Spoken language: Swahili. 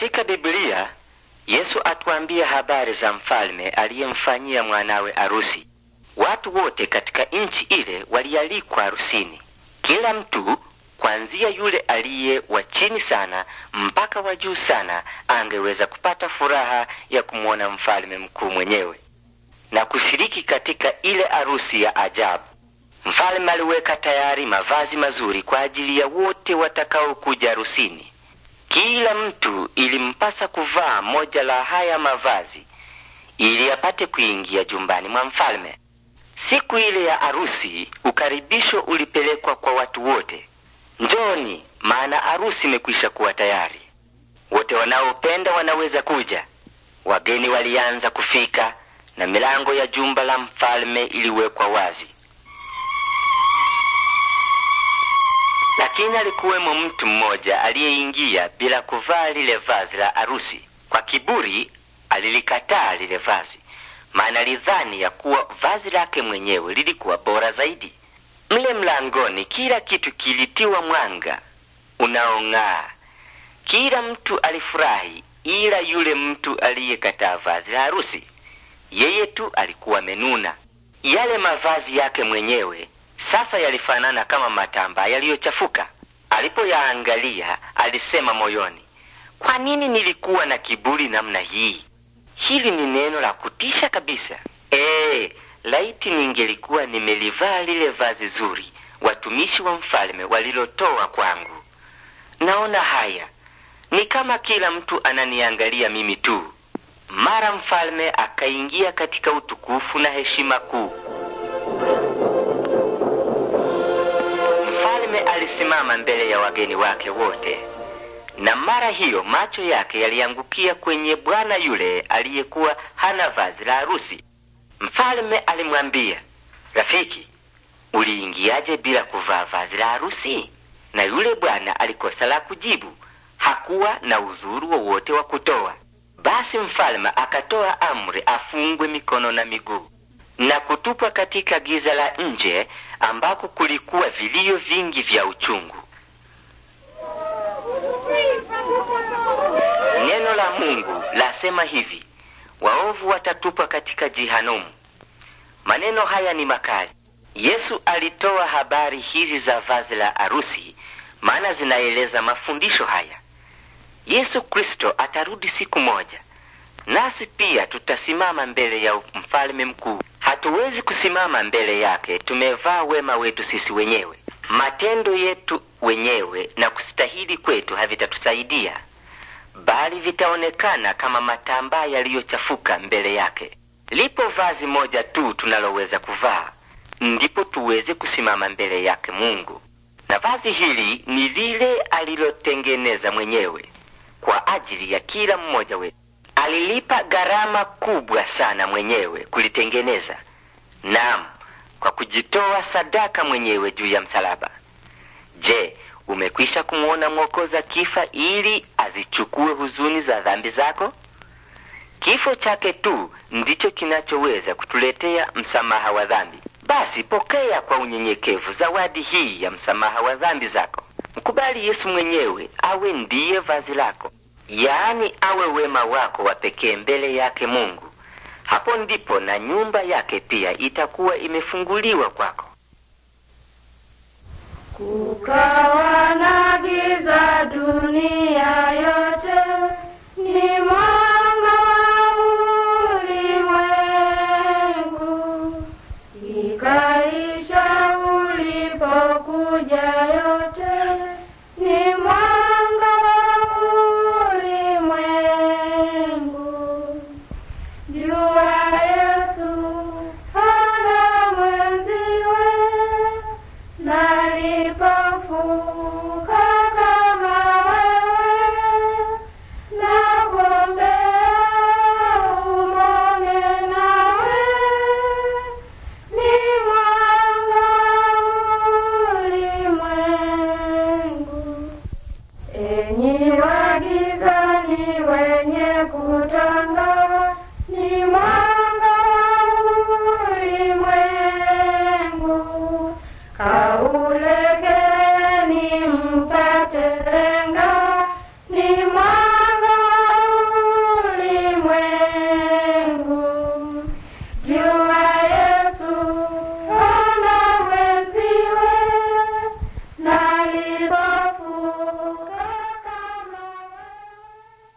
Katika Biblia Yesu atuambia habari za mfalme aliyemfanyia mwanawe arusi. Watu wote katika nchi ile walialikwa arusini kila mtu kuanzia yule aliye wa chini sana mpaka wa juu sana angeweza kupata furaha ya kumwona mfalme mkuu mwenyewe na kushiriki katika ile arusi ya ajabu. Mfalme aliweka tayari mavazi mazuri kwa ajili ya wote watakaokuja arusini. Kila mtu ilimpasa kuvaa moja la haya mavazi ili apate kuingia jumbani mwa mfalme. Siku ile ya arusi, ukaribisho ulipelekwa kwa watu wote, njoni, maana arusi imekwisha kuwa tayari, wote wanaopenda wanaweza kuja. Wageni walianza kufika na milango ya jumba la mfalme iliwekwa wazi. Lakini alikuwemo mtu mmoja aliyeingia bila kuvaa lile vazi la arusi. Kwa kiburi alilikataa lile vazi, maana lidhani ya kuwa vazi lake mwenyewe lilikuwa bora zaidi. Mle mlangoni kila kitu kilitiwa mwanga unaong'aa, kila mtu alifurahi, ila yule mtu aliyekataa vazi la harusi, yeye tu alikuwa menuna Yale mavazi yake mwenyewe sasa yalifanana kama matamba yaliyochafuka. Alipoyaangalia alisema moyoni, kwa nini nilikuwa na kiburi namna hii? Hili ni neno la kutisha kabisa. E, laiti ningelikuwa nimelivaa lile vazi zuri watumishi wa mfalme walilotoa kwangu. Naona haya ni kama kila mtu ananiangalia mimi tu. Mara mfalme akaingia katika utukufu na heshima kuu. Mfalme alisimama mbele ya wageni wake wote, na mara hiyo macho yake yaliangukia kwenye bwana yule aliyekuwa hana vazi la harusi. Mfalme alimwambia, rafiki, uliingiaje bila kuvaa vazi la harusi? Na yule bwana alikosa la kujibu, hakuwa na uzuru wowote wa kutoa. Basi mfalme akatoa amri afungwe mikono na miguu na kutupwa katika giza la nje ambako kulikuwa vilio vingi vya uchungu. Neno la Mungu lasema hivi, waovu watatupwa katika jehanamu. Maneno haya ni makali. Yesu alitoa habari hizi za vazi la arusi, maana zinaeleza mafundisho haya. Yesu Kristo atarudi siku moja, nasi pia tutasimama mbele ya mfalme mkuu hatuwezi kusimama mbele yake tumevaa wema wetu sisi wenyewe. Matendo yetu wenyewe na kustahili kwetu havitatusaidia, bali vitaonekana kama matambaa yaliyochafuka mbele yake. Lipo vazi moja tu tunaloweza kuvaa, ndipo tuweze kusimama mbele yake Mungu, na vazi hili ni lile alilotengeneza mwenyewe kwa ajili ya kila mmoja wetu. Alilipa gharama kubwa sana mwenyewe kulitengeneza, naam, kwa kujitoa sadaka mwenyewe juu ya msalaba. Je, umekwisha kumwona Mwokoza kifa ili azichukue huzuni za dhambi zako? Kifo chake tu ndicho kinachoweza kutuletea msamaha wa dhambi. Basi pokea kwa unyenyekevu zawadi hii ya msamaha wa dhambi zako. Mkubali Yesu mwenyewe awe ndiye vazi lako yaani awe wema wako wa pekee mbele yake Mungu. Hapo ndipo na nyumba yake pia itakuwa imefunguliwa kwako Kukaa Thank you.